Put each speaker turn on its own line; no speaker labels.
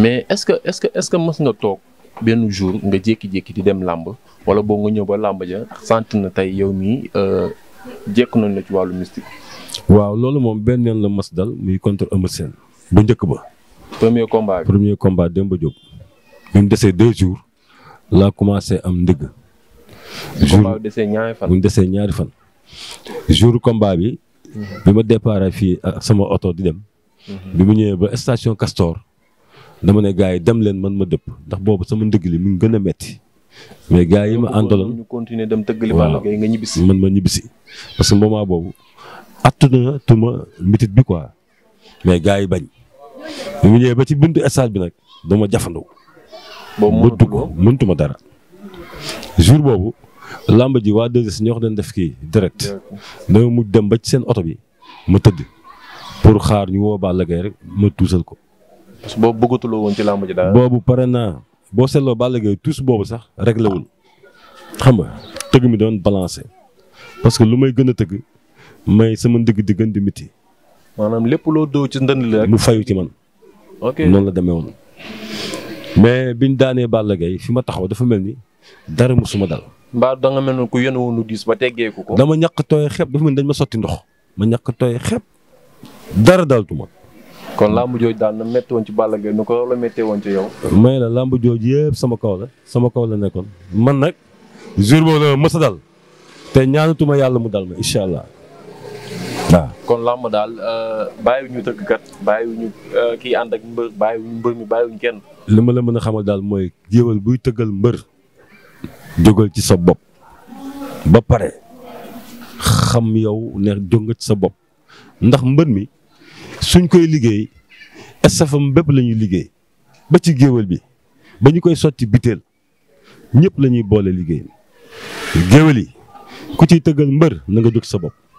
mais est-ce que est-ce que ce que mës nga toog benn jour nga jékki-jékki di dem làmb wala boo nga ñëw ba làmb ja sant na tey yow mii euh, jékku nañ la ci wàllu mystique.
waaw loolu moom benn yoon la mas dal muy contre Eumeu Sène bu njëkk ba.
premier combat
premier combat Demba Diop. bi mu desee deux jours laa commencé am ndigg jour desee ñaari fan. desee ñaari fan. jour combat bi. Mhm. bi ma départ fii ak ah, sama oto di dem. Mhm. bi mu ñëwee ba station Castor. dama ne gars yi dem leen man ma dëpp ndax boobu sama ndëgg li mu ngi gën a metti mais gars yi ma àndaloon ñu
continuer dem tëgg li Balla Gaye nga
man ma ñibbisi parce que moment boobu attuna tuma mitit bi quoi mais gars yi bañ bi mu ñëwee ba ci buntu stade bi nag dama jafandu bëtt ko mëntuma dara jour boobu làmb ji waa 2S ñoo doon def kii direct dama mujj dem ba ci seen oto bi ma tëdd pour xaar ñu woo Balla gay rek ma tuusal ko
boobu bëggatuloo woon ci làmb ji daal. boobu
pare naa boo seetloo Balla Gaye tous boobu sax réglé wul xam nga tëgg mi doon balancé parce que lu may gën a tëgg may sama ndigg di gën di miti. maanaam lépp loo doo ci ndënd la rek. mu fayu ci man. ok noonu la demee woon. mais ñu daanee Balla Gaye fi ma taxaw dafa mel ni dara musuma dal.
mbaa da nga mel ne ku yéen woon lu diis ba teggeeku
ko. dama ñàkk tooy xepp dafa mel ni dañ ma sotti ndox ma ñàkk tooy xepp dara daltu ma. kon làmb
jooju daal na métti ci Balla Gaye nu ko loolu la méttee woon ci yow.
may la làmb jooju yëpp sama kaw la sama kaw la nekkoon man nag jour boobu la dal te ñaanatuma yàlla mu dal ma allah
waaw. kon làmb daal euh, bàyyiwuñu tëggkat bàyyiwuñu euh, kii ànd ak mbër bàyyiwuñu mbër mi
li ma la mën a xamal daal mooy géwël buy tëggal mbër jógal ci sa bopp ba pare xam yow ne jóg nga ci sa bopp ndax mbër mi. suñ koy liggéey estafam bépp la ñuy liggéey ba ci géwél bi ba ñu koy sotti biteel ñëpp lañuy boole liggéey géwél yi ku ciy tëggal mbër na nga jóg sa bopp.